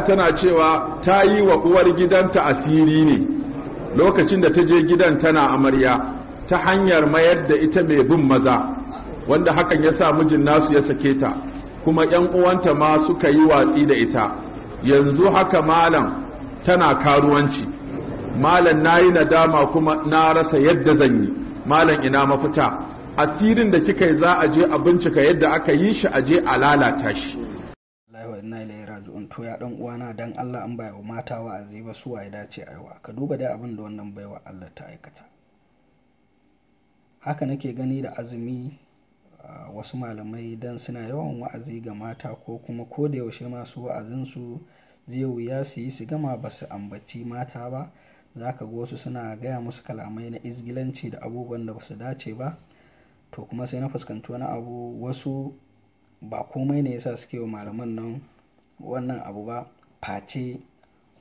tana cewa ta yi wa uwar gidanta asiri ne lokacin da ta je gidan tana amarya ta hanyar mayar da ita mai bin maza wanda hakan ya sa mijin nasu ya sake ta kuma 'yan uwanta ma suka yi watsi da ita yanzu haka malam tana karuwanci malam na yi nadama kuma na rasa yadda zan yi malam ina mafita asirin da kika yi za a je a bincika yadda aka yi shi a je a lalata shi inna ilaihi raji'un to ya dan uwana dan Allah an bai wa mata wa'azi ba su waye dace aiwa ka duba dai abin da wannan baiwa Allah ta aikata haka nake gani da azumi wasu malamai dan suna yawan wa'azi ga mata ko kuma ko da yaushe masu wa'azin su zai wuya su yi su gama ba su ambaci mata ba za ka ga wasu suna gaya musu kalamai na izgilanci da abubuwan da ba su dace ba to kuma sai na fuskanci wani abu wasu ba komai ne yasa suke wa malaman nan wannan abu ba face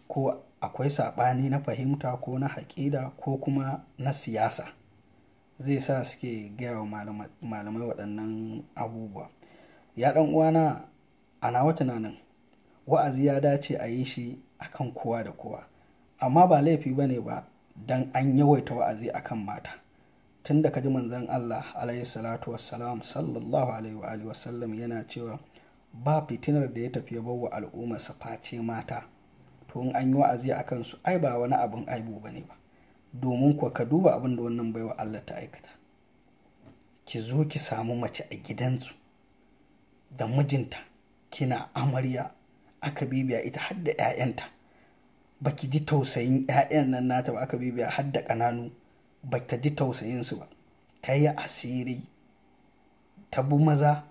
ko akwai saɓani na fahimta ko na haƙida ko kuma na siyasa zai sa suke gaya wa malamai waɗannan abubuwa ya ɗan uwana a nawa tunanin wa'azi ya dace a yi shi akan kowa da kowa amma ba laifi ba ne ba don an yawaita wa'azi akan mata tun da kaji manzan Allah alaihi salatu wassalam sallallahu alaihi wa sallam yana cewa ba fitinar da ya tafi ya bawa sa face mata to in an yi wa'azi a kansu ai ba wani abin aibu bane ne ba domin kuwa ka duba abin da wannan baiwa Allah ta aikata ki zo ki samu mace a gidansu da mijinta kina amarya aka bibiya ita har da 'ya'yanta baki ji tausayin 'ya'yan nan nata ba aka bibiya har da ƙananu ba ta ji tausayinsu ba ta yi asiri ta bu maza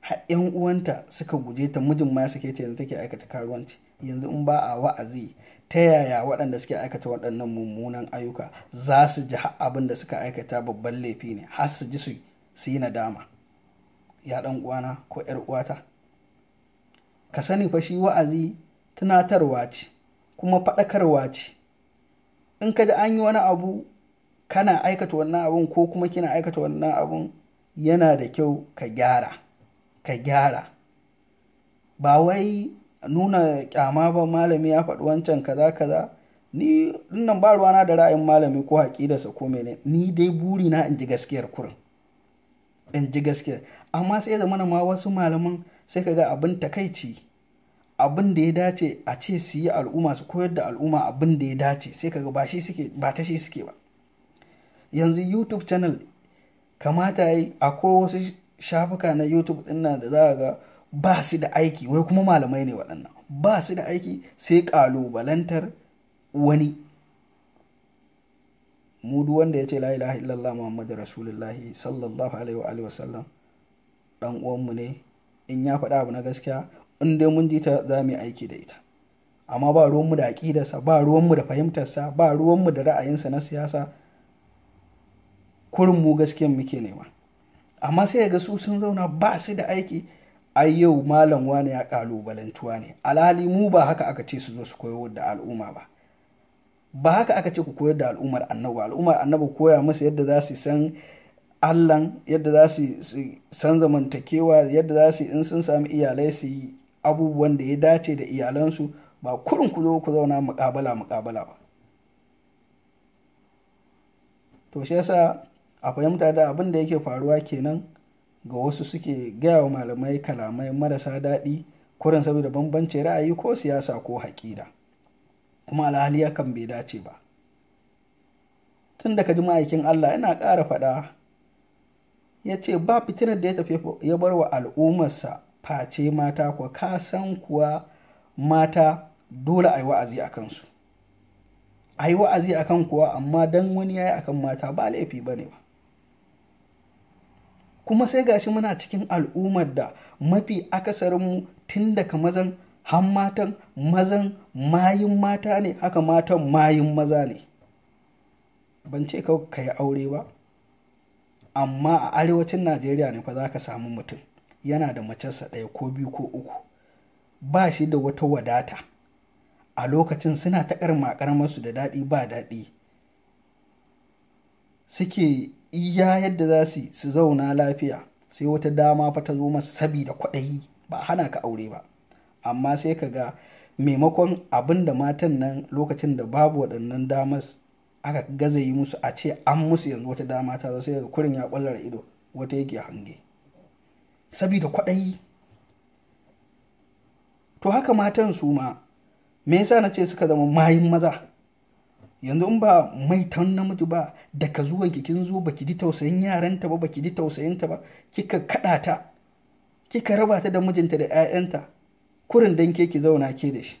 har yan uwanta suka guje ta mijin ma suke ce yanzu take aikata karuwanci yanzu in ba a wa'azi ta yaya waɗanda suke aikata waɗannan mummunan ayyuka za su ji abin da suka aikata babban laifi ne har su ji su su yi nadama ya ɗan uwana ko ‘yar uwata ka sani fa shi wa'azi tunatarwa ce kuma faɗakarwa ce in ka ji an yi wani abu kana aikata wannan abun ko kuma kina aikata wannan abun yana da kyau ka gyara ka gyara ba wai nuna kyama ba malami ya faɗi wancan kaza kaza ni dinnan ba ruwana da ra'ayin malami ko sa ko mene ni dai buri na in ji gaskiyar kurin in ji gaskiyar amma sai mana ma wasu malaman sai ka ga abin takaici abin da ya dace a ce su yi al'umma su koyar da al'umma abin da ya dace sai ka ga ba shi suke ba ta shi suke ba yanzu youtube channel kamata yi akwai wasu shafuka na youtube dinnan da za ga ba su da aiki wai kuma malamai ne waɗannan ba su da aiki sai ƙalubalantar wani mudu wanda ya ce la ilaha illallah muhammadu rasulullahi sallallahu alaihi wa alihi wasallam dan uwanmu ne in ya faɗa abu na gaskiya in dai mun ji ta za mu yi aiki da ita amma ba ruwanmu da aƙidarsa ba ruwanmu da fahimtarsa ba ruwanmu da ra'ayinsa na siyasa kurin mu gaskiyan muke nema amma sai ga su sun zauna ba su da aiki a yau malam wani ya kalubalantuwa ne alhali mu ba haka aka ce su zo su koyo da al'umma ba ba haka aka ce ku koyar da al'ummar annabi al'ummar annabi koya musu yadda za su san allan yadda za su san zamantakewa yadda za su in sun sami iyalai su yi abubuwan da ya dace da iyalansu ba kurin ku zo ku zauna mukabala-mukabala ba to shi yasa a fahimta da abin da yake faruwa kenan ga wasu suke gaya wa malamai kalamai marasa daɗi kurin saboda bambanci ra'ayi ko siyasa ko haƙida kuma alhali yakan bai dace ba tun da ji ma'aikin allah yana ƙara faɗa ya ce ba fitinar da ya tafi ya bar wa al'ummarsa face mata kuwa ka san kuwa mata dole a yi wa'azi a kansu a yi wa'azi a kan kuwa amma don wani ya yi a kan mata ba laifi ba ne ba kuma sai gashi muna cikin al'ummar da mafi akasarinmu tun daga mazan han matan mazan mayin mata ne haka matan mayin maza ne ban ce ka yi aure ba amma a arewacin najeriya ne fa za ka samu mutum yana da macensa ɗaya ko biyu ko uku ba shi da wata wadata a lokacin suna ta masu da daɗi ba daɗi suke iya yadda za su zauna lafiya sai wata dama fa ta zo masa sabida kwaɗayi ba hana ka aure ba amma sai ka ga maimakon abin da matan nan lokacin da babu waɗannan damas aka gaza yi musu a ce an musu yanzu wata dama ta zo sai kurin ya ƙwallara ido wata yake hange sabida kwaɗayi to haka matan su ma me yasa na ce suka zama mayin maza yanzu in ba mai tan namiji ba daga zuwan ki kin zo baki ji tausayin yaranta ba baki ji tausayin ta ba kika kada ta kika raba ta da mijinta da 'ya'yanta kurin dan ke ki zauna ke da shi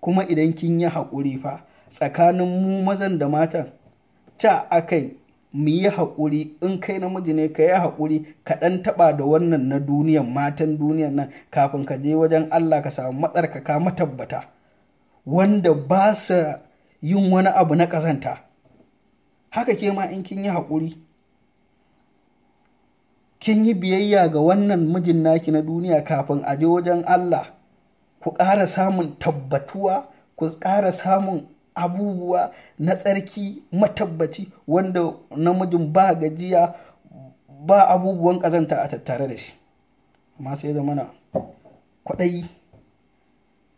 kuma idan kin yi haƙuri fa tsakanin mu mazan da matan ta akai mu yi haƙuri in kai namiji ne ka yi haƙuri ka ɗan taɓa da wannan na duniyan matan duniyan nan kafin ka je wajen Allah ka samu matsarkaka matabbata wanda ba sa yin wani abu na ƙazanta haka ke ma in kin yi haƙuri kin yi biyayya ga wannan mijin naki na duniya kafin a je wajen Allah ku ƙara samun tabbatuwa ku ƙara samun abubuwa na tsarki matabbaci wanda namijin ba gajiya ba abubuwan ƙazanta a tattare da shi amma sai na kwaɗayi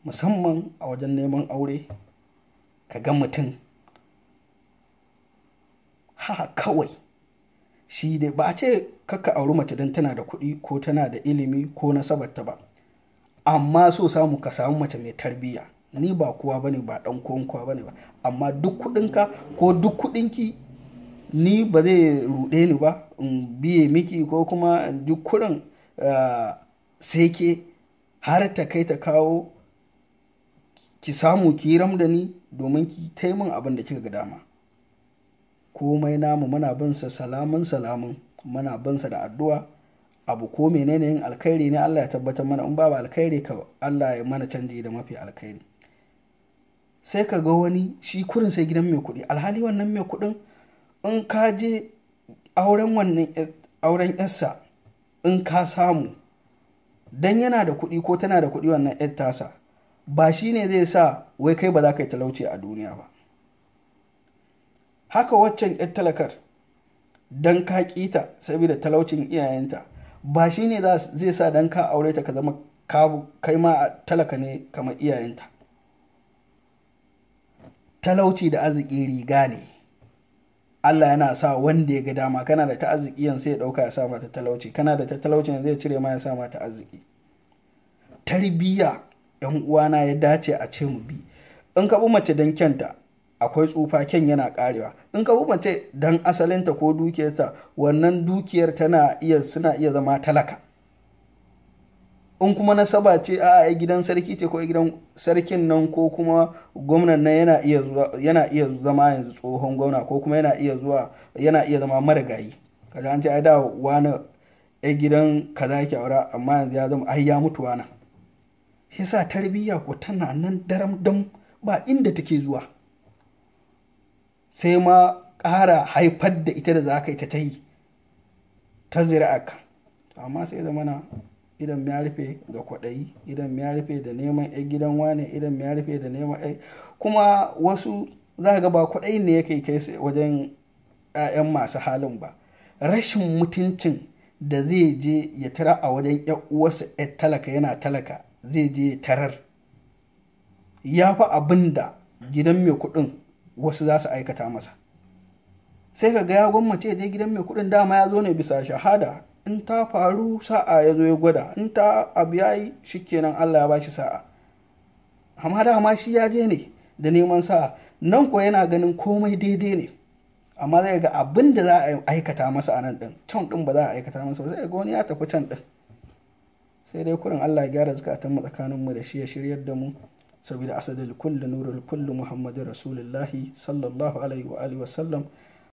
musamman a wajen neman aure ka ga mutum ha kawai shi dai ba a ce kakka auri mace don tana da kuɗi ko tana da ilimi ko nasabarta ba amma so samu ka samu mace mai tarbiyya ni ba kowa ba ne ba ɗan kowan kuwa ba ne ba amma duk kuɗinka ko duk kuɗinki ni ba zai ruɗe ni ba in biye miki ko kuma duk kuɗin eh, sai ke har ta kai ta kawo ki samu ki yi da ni domin ki ta min abin da kika ga dama komai namu muna bin sa salamun salamun muna bin sa da addu'a abu ko menene yin alkhairi ne Allah ya tabbatar mana in babu alkhairi ka Allah ya mana canji da mafi alkhairi sai ka ga wani shi kurin sai gidan mai kuɗi alhali wannan mai kuɗin in ka je auren wannan auren yarsa in ka samu dan yana da kuɗi ko tana da kuɗi wannan yar tasa ba shi ne zai sa wai kai ba za ka yi talauci a duniya ba haka waccan 'yar talakar don ka ta saboda talaucin iyayenta ba shi ne zai sa don ka aure ta ka zama kai ma a talaka ne kamar iyayenta talauci da arziki riga ne Allah yana sa wanda ya ga dama kana da ta arziki yanzu ya ɗauka ya sa mata talauci kana da ta talauci yanzu ya cire ma ya sa mata arziki tarbiyya 'yan uwana ya dace a ce mu bi in ka mace don kyanta akwai tsufa kyan yana karewa in ka mace don asalinta ko dukiyarta wannan dukiyar tana iya suna iya zama talaka in kuma nasaba ce a a gidan sarki ce ko gidan sarkin nan ko kuma gwamnan nan yana iya zama yanzu tsohon gwamna ko kuma yana iya zuwa yana iya zama marigayi kaza an ce ai da wani gidan kaza yake aura amma yanzu ya zama ai ya mutu wani shi sa tarbiyya ko tana nan daram don ba inda take zuwa sai ma ƙara haifar da ita da za ka ita ta yi ta zira'aka amma sai na idan ya rufe ga kwaɗayi idan ya rufe da neman yan gidan wane idan ya rufe da neman yan kuma wasu za ga ba kwaɗayi ne yake kai su wajen 'ya'yan masu halin ba rashin mutuncin da zai je ya tara a wajen 'yan uwarsa talaka yana talaka zai je tarar ya fi abin da gidan mai kudin wasu za su aikata masa sai ka ga ya gwammace je gidan mai kudin dama ya zo ne bisa shahada in ta faru sa'a ya zo ya gwada in ta abu ya yi shi kenan allah ya ba shi sa'a amma dama shi ya je ne da neman sa'a nan kuwa yana ganin komai daidai ne amma zai ga abin da za a aikata masa a nan ɗin can ɗin ba za a aikata masa ba zai ga wani ya tafi can ɗin sai dai kurin Allah ya gyara zukatan mu tsakanin mu da shi ya shiryar da mu saboda asadul kullu nurul kullu muhammadin rasulullahi sallallahu alaihi wa wa sallam